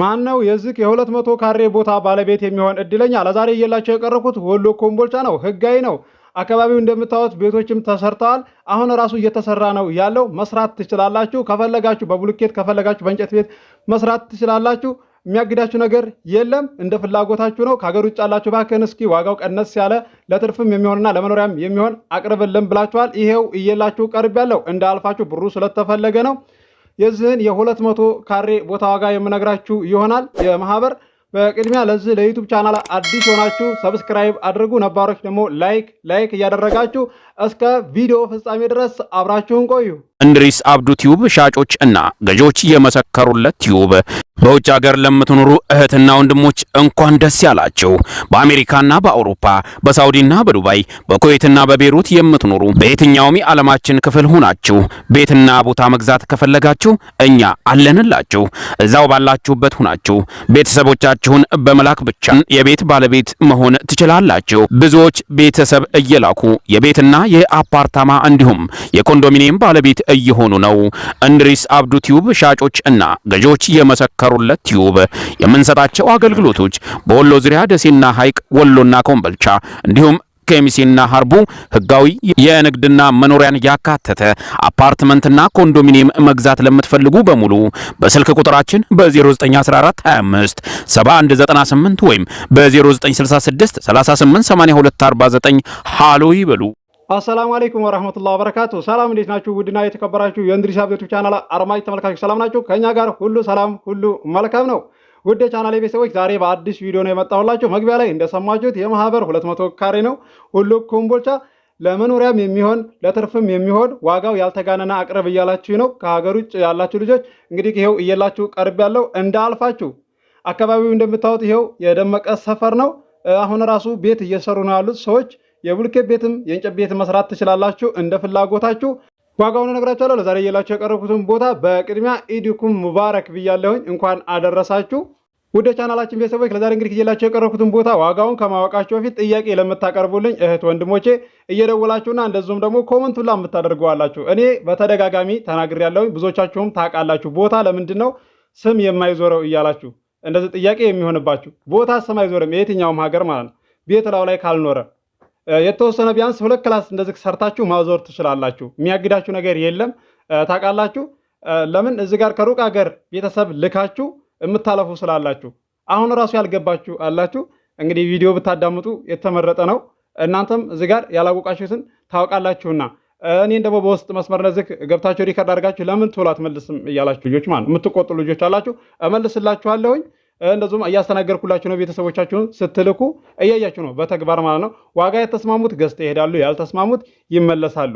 ማን ነው የዚህ የሁለት መቶ ካሬ ቦታ ባለቤት የሚሆን እድለኛ? ለዛሬ እየላቸው የቀረብኩት ወሎ ኮምቦልቻ ነው። ህጋዊ ነው። አካባቢው እንደምታዩት ቤቶችም ተሰርተዋል። አሁን ራሱ እየተሰራ ነው ያለው። መስራት ትችላላችሁ። ከፈለጋችሁ በብሎኬት ከፈለጋችሁ በእንጨት ቤት መስራት ትችላላችሁ። የሚያግዳችሁ ነገር የለም። እንደ ፍላጎታችሁ ነው። ከሀገር ውጭ ያላችሁ ባክን እስኪ ዋጋው ቀነስ ያለ ለትርፍም የሚሆንና ለመኖሪያም የሚሆን አቅርብልን ብላችኋል። ይሄው እየላችሁ ቀርብ ያለው አልፋችሁ ብሩ ስለተፈለገ ነው። የዚህን የሁለት መቶ ካሬ ቦታ ዋጋ የምነግራችሁ ይሆናል። የማህበር በቅድሚያ ለዚህ ለዩቱብ ቻናል አዲስ ሆናችሁ ሰብስክራይብ አድርጉ፣ ነባሮች ደግሞ ላይክ ላይክ እያደረጋችሁ እስከ ቪዲዮ ፍጻሜ ድረስ አብራችሁን ቆዩ። እንድሪስ አብዱ ቲዩብ ሻጮች እና ገዢዎች የመሰከሩለት ቲዩብ በውጭ ሀገር ለምትኖሩ እህትና ወንድሞች እንኳን ደስ ያላችሁ። በአሜሪካና በአውሮፓ በሳውዲና በዱባይ በኩዌትና በቤሩት የምትኖሩ በየትኛውም የዓለማችን ክፍል ሆናችሁ ቤትና ቦታ መግዛት ከፈለጋችሁ እኛ አለንላችሁ። እዛው ባላችሁበት ሆናችሁ ቤተሰቦቻችሁን በመላክ ብቻ የቤት ባለቤት መሆን ትችላላችሁ። ብዙዎች ቤተሰብ እየላኩ የቤትና የአፓርታማ እንዲሁም የኮንዶሚኒየም ባለቤት እየሆኑ ነው። እንድሪስ አብዱ ቲዩብ ሻጮች እና ገዢዎች የመሰከሩ ለተሰማሩለት ዩብ የምንሰጣቸው አገልግሎቶች በወሎ ዙሪያ ደሴና ሐይቅ፣ ወሎና ኮምበልቻ እንዲሁም ከሚሴና ሀርቡ ህጋዊ የንግድና መኖሪያን ያካተተ አፓርትመንትና ኮንዶሚኒየም መግዛት ለምትፈልጉ በሙሉ በስልክ ቁጥራችን በ091425 7198 ወይም በ0966 ሃሎ ይበሉ። አሰላሙ አለይኩም ወራህመቱላሂ ወበረካቱ። ሰላም እንዴት ናችሁ? ውድና የተከበራችሁ የእንድሪስ ሀብ ዩቲዩብ ቻናል አርማጅ ተመልካቾች ሰላም ናችሁ? ከኛ ጋር ሁሉ ሰላም፣ ሁሉ መልካም ነው። ውድ ቻናል ቤተሰቦች ዛሬ በአዲስ ቪዲዮ ነው የመጣሁላችሁ። መግቢያ ላይ እንደሰማችሁት የማህበር 200 ካሬ ነው ሁሉ ኮምቦልቻ ለመኖሪያም የሚሆን ለትርፍም የሚሆን ዋጋው ያልተጋነና አቅርብ እያላችሁ ነው። ከሀገር ውጭ ያላችሁ ልጆች እንግዲህ ይኸው እየላችሁ ቀርብ ያለው እንዳልፋችሁ። አካባቢው እንደምታዩት ይኸው የደመቀ ሰፈር ነው። አሁን ራሱ ቤት እየሰሩ ነው ያሉት ሰዎች የብሎኬት ቤትም የእንጨት ቤት መስራት ትችላላችሁ እንደ ፍላጎታችሁ። ዋጋውን እነግራችኋለሁ። ለዛሬ እየላችሁ የቀረብኩትን ቦታ በቅድሚያ ኢድኩም ሙባረክ ብያለሁኝ። እንኳን አደረሳችሁ ውድ ቻናላችን ቤተሰቦች። ለዛሬ እንግዲህ እየላችሁ የቀረብኩትን ቦታ ዋጋውን ከማወቃችሁ በፊት ጥያቄ ለምታቀርቡልኝ እህት ወንድሞቼ እየደወላችሁና እንደዚሁም ደግሞ ኮመንቱን ላ የምታደርገዋላችሁ እኔ በተደጋጋሚ ያለሁኝ ብዙዎቻችሁም ታውቃላችሁ። ቦታ ለምንድን ነው ስም የማይዞረው እያላችሁ እንደዚህ ጥያቄ የሚሆንባችሁ ቦታ ስም አይዞርም የየትኛውም ሀገር ማለት ነው ቤት ላው ላይ ካልኖረ የተወሰነ ቢያንስ ሁለት ክላስ እንደዚህ ሰርታችሁ ማዞር ትችላላችሁ። የሚያግዳችሁ ነገር የለም። ታውቃላችሁ ለምን እዚህ ጋር ከሩቅ ሀገር ቤተሰብ ልካችሁ የምታለፉ ስላላችሁ አሁን እራሱ ያልገባችሁ አላችሁ። እንግዲህ ቪዲዮ ብታዳምጡ የተመረጠ ነው። እናንተም እዚህ ጋር ያላወቃችሁትን ታውቃላችሁና እኔን ደግሞ በውስጥ መስመር ነዚህ ገብታችሁ ሪከርድ አድርጋችሁ ለምን ቶሎ አትመልስም እያላችሁ ልጆች ማለት የምትቆጡ ልጆች አላችሁ፣ እመልስላችኋለሁኝ። እንደዚሁም እያስተናገርኩላችሁ ነው ቤተሰቦቻችሁን ስትልኩ እያያችሁ ነው በተግባር ማለት ነው። ዋጋ የተስማሙት ገዝተው ይሄዳሉ፣ ያልተስማሙት ይመለሳሉ።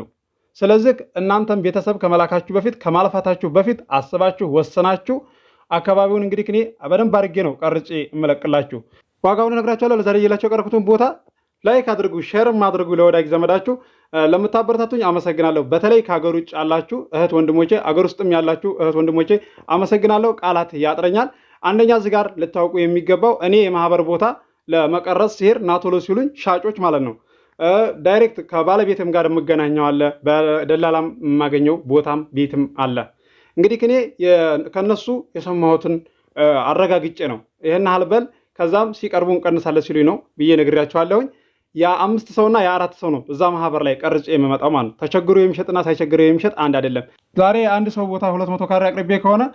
ስለዚህ እናንተም ቤተሰብ ከመላካችሁ በፊት ከማልፋታችሁ በፊት አስባችሁ ወሰናችሁ አካባቢውን እንግዲህ እኔ በደንብ አድርጌ ነው ቀርጬ እመለቅላችሁ። ዋጋውን እነግራችኋለሁ። ለዛሬ እየላቸው የቀረኩትን ቦታ ላይክ አድርጉ፣ ሼርም አድርጉ ለወዳጅ ዘመዳችሁ። ለምታበረታቱኝ አመሰግናለሁ። በተለይ ከሀገር ውጭ ያላችሁ እህት ወንድሞቼ፣ አገር ውስጥም ያላችሁ እህት ወንድሞቼ አመሰግናለሁ። ቃላት ያጥረኛል። አንደኛ እዚህ ጋር ልታውቁ የሚገባው እኔ የማህበር ቦታ ለመቀረጽ ሲሄድ ናቶሎ ሲሉኝ ሻጮች ማለት ነው ዳይሬክት ከባለቤትም ጋር የምገናኘው አለ። በደላላም የማገኘው ቦታም ቤትም አለ። እንግዲህ እኔ ከነሱ የሰማሁትን አረጋግጬ ነው ይህን አልበል ከዛም ሲቀርቡ እንቀንሳለን ሲሉኝ ነው ብዬ ነግሬያቸዋለሁኝ። የአምስት ሰውና የአራት ሰው ነው እዛ ማህበር ላይ ቀርጬ የምመጣው ማለት ነው። ተቸግሮ የሚሸጥና ሳይቸግረው የሚሸጥ አንድ አይደለም። ዛሬ አንድ ሰው ቦታ ሁለት መቶ ካሬ አቅርቤ ከሆነ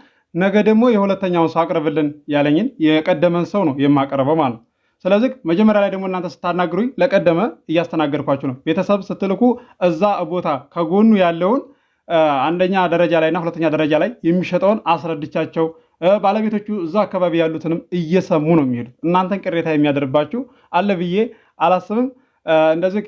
ነገ ደግሞ የሁለተኛውን ሰው አቅርብልን ያለኝን የቀደመን ሰው ነው የማቀርበው ማለት ነው። ስለዚህ መጀመሪያ ላይ ደግሞ እናንተ ስታናግሩኝ ለቀደመ እያስተናገድኳችሁ ነው። ቤተሰብ ስትልኩ እዛ ቦታ ከጎኑ ያለውን አንደኛ ደረጃ ላይና ሁለተኛ ደረጃ ላይ የሚሸጠውን አስረድቻቸው ባለቤቶቹ እዛ አካባቢ ያሉትንም እየሰሙ ነው የሚሄዱት። እናንተን ቅሬታ የሚያደርባችሁ አለ ብዬ አላስብም። እንደዚህ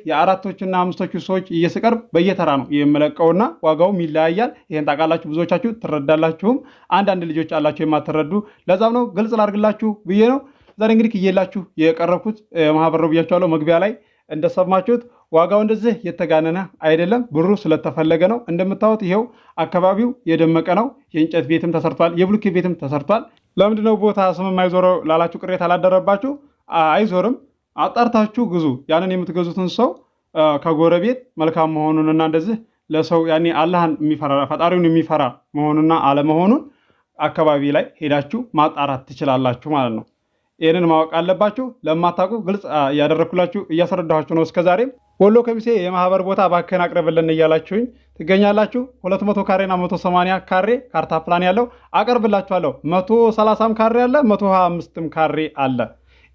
እና አምስቶቹ ሰዎች እየስቀርብ በየተራ ነው የምለቀውና ዋጋውም ይለያያል። ይህን ታውቃላችሁ፣ ብዙዎቻችሁ ትረዳላችሁም። አንዳንድ ልጆች አላችሁ የማትረዱ። ለዛም ነው ግልጽ ላድርግላችሁ ብዬ ነው ዛሬ እንግዲህ እየላችሁ የቀረብኩት። ማህበር ነው ብያችኋለሁ መግቢያ ላይ እንደሰማችሁት ዋጋው እንደዚህ የተጋነነ አይደለም። ብሩ ስለተፈለገ ነው። እንደምታዩት ይኸው አካባቢው የደመቀ ነው። የእንጨት ቤትም ተሰርቷል፣ የብሎኬት ቤትም ተሰርቷል። ለምንድነው ቦታ ስም የማይዞረው ላላችሁ ቅሬታ አላደረባችሁ አይዞርም። አጣርታችሁ ግዙ። ያንን የምትገዙትን ሰው ከጎረቤት መልካም መሆኑንና እንደዚህ ለሰው ያኔ አላህን የሚፈራ ፈጣሪውን የሚፈራ መሆኑና አለመሆኑን አካባቢ ላይ ሄዳችሁ ማጣራት ትችላላችሁ ማለት ነው። ይህንን ማወቅ አለባችሁ። ለማታውቁ ግልጽ እያደረግኩላችሁ እያስረዳኋችሁ ነው። እስከዛሬም ወሎ ከሚሴ የማህበር ቦታ እባክህን አቅርብልን እያላችሁኝ ትገኛላችሁ። 200 ካሬና 180 ካሬ ካርታ ፕላን ያለው አቀርብላችኋለሁ። 130ም ካሬ አለ፣ 125ም ካሬ አለ።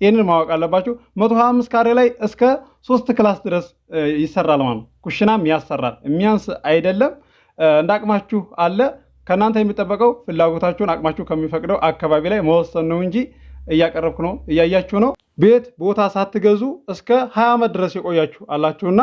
ይህንን ማወቅ አለባቸው። መቶ አምስት ካሬ ላይ እስከ ሶስት ክላስ ድረስ ይሰራል ማለት ነው። ኩሽናም ያሰራል የሚያንስ አይደለም። እንደ አቅማችሁ አለ። ከእናንተ የሚጠበቀው ፍላጎታችሁን አቅማችሁ ከሚፈቅደው አካባቢ ላይ መወሰን ነው እንጂ እያቀረብኩ ነው፣ እያያችሁ ነው። ቤት ቦታ ሳትገዙ እስከ ሀያ ዓመት ድረስ የቆያችሁ አላችሁና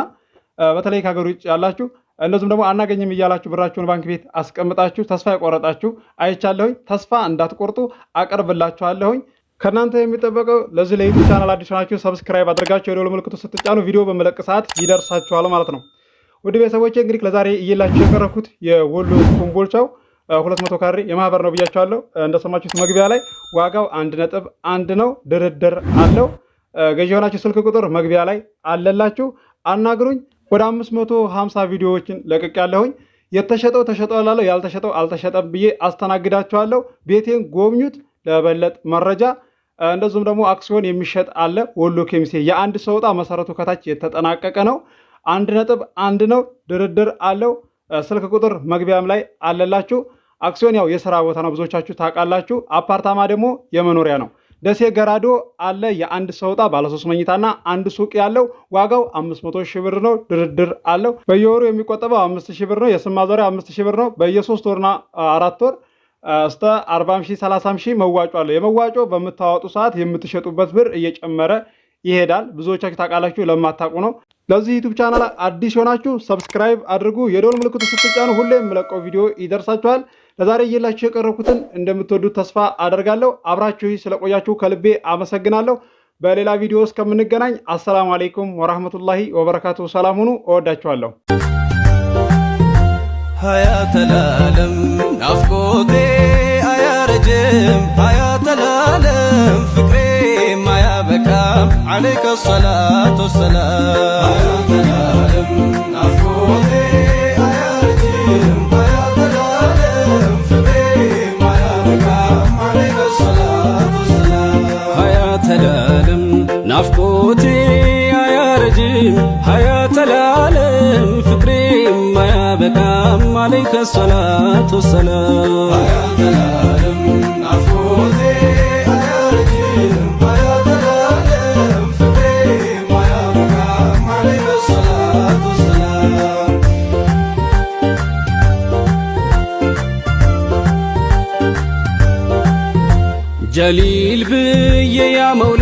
በተለይ ከሀገር ውጭ ያላችሁ እነዚም ደግሞ አናገኝም እያላችሁ ብራችሁን ባንክ ቤት አስቀምጣችሁ ተስፋ የቆረጣችሁ አይቻለሁኝ። ተስፋ እንዳትቆርጡ አቀርብላችኋለሁኝ። ከእናንተ የሚጠበቀው ለዚህ ለዩቲ ቻናል አዲስ ናችሁ ሰብስክራይብ አድርጋችሁ የደወል ምልክቱ ስትጫኑ ቪዲዮ በመለቅ ሰዓት ይደርሳችኋል ማለት ነው። ውድ ቤተሰቦች እንግዲህ ለዛሬ እየላችሁ የቀረብኩት የወሎ ኮምቦልቻው ሁለት መቶ ካሬ የማህበር ነው ብያቸዋለሁ። እንደሰማችሁት መግቢያ ላይ ዋጋው አንድ ነጥብ አንድ ነው። ድርድር አለው። ገዢ የሆናችሁ ስልክ ቁጥር መግቢያ ላይ አለላችሁ። አናግሩኝ። ወደ 550 ቪዲዮዎችን ለቅቅ ያለሁኝ የተሸጠው ተሸጠው ላለው ያልተሸጠው አልተሸጠም ብዬ አስተናግዳችኋለሁ። ቤቴን ጎብኙት ለበለጥ መረጃ እንደዚሁም ደግሞ አክሲዮን የሚሸጥ አለ። ወሎ ኬሚሴ የአንድ ሰው ዕጣ መሰረቱ ከታች የተጠናቀቀ ነው። አንድ ነጥብ አንድ ነው። ድርድር አለው። ስልክ ቁጥር መግቢያም ላይ አለላችሁ። አክሲዮን ያው የስራ ቦታ ነው፣ ብዙዎቻችሁ ታውቃላችሁ። አፓርታማ ደግሞ የመኖሪያ ነው። ደሴ ገራዶ አለ። የአንድ ሰው ዕጣ ባለሶስት መኝታና አንድ ሱቅ ያለው ዋጋው አምስት መቶ ሺህ ብር ነው። ድርድር አለው። በየወሩ የሚቆጠበው አምስት ሺህ ብር ነው። የስም ማዞሪያ አምስት ሺህ ብር ነው። በየሶስት ወርና አራት ወር እስተ 40 ሺህ 30 ሺህ መዋጮ አለ። የመዋጮ በምታወጡ ሰዓት የምትሸጡበት ብር እየጨመረ ይሄዳል። ብዙዎቻችሁ ታውቃላችሁ፣ ለማታውቁ ነው። ለዚህ ዩቱብ ቻናል አዲስ የሆናችሁ ሰብስክራይብ አድርጉ። የደወል ምልክቱ ስትጫኑ ሁሌ የምለቀው ቪዲዮ ይደርሳችኋል። ለዛሬ እየላችሁ የቀረብኩትን እንደምትወዱት ተስፋ አደርጋለሁ። አብራችሁ ስለቆያችሁ ከልቤ አመሰግናለሁ። በሌላ ቪዲዮ እስከምንገናኝ አሰላሙ አሌይኩም ወራህመቱላሂ ወበረካቱ። ሰላም ሁኑ። እወዳችኋለሁ። ናፍቆቴ አያረጅም አያጠላለም ፍቅሬም አያበቃም ዓለይከ ሰላቱ ወሰላም ናፍቆቴ አያረጅም አያ عليك الصلاة والسلام يا دلالم عفوزي يا رجيم يا دلالم فقيم ويا مقام عليك الصلاة والسلام جليل بي يا مولاي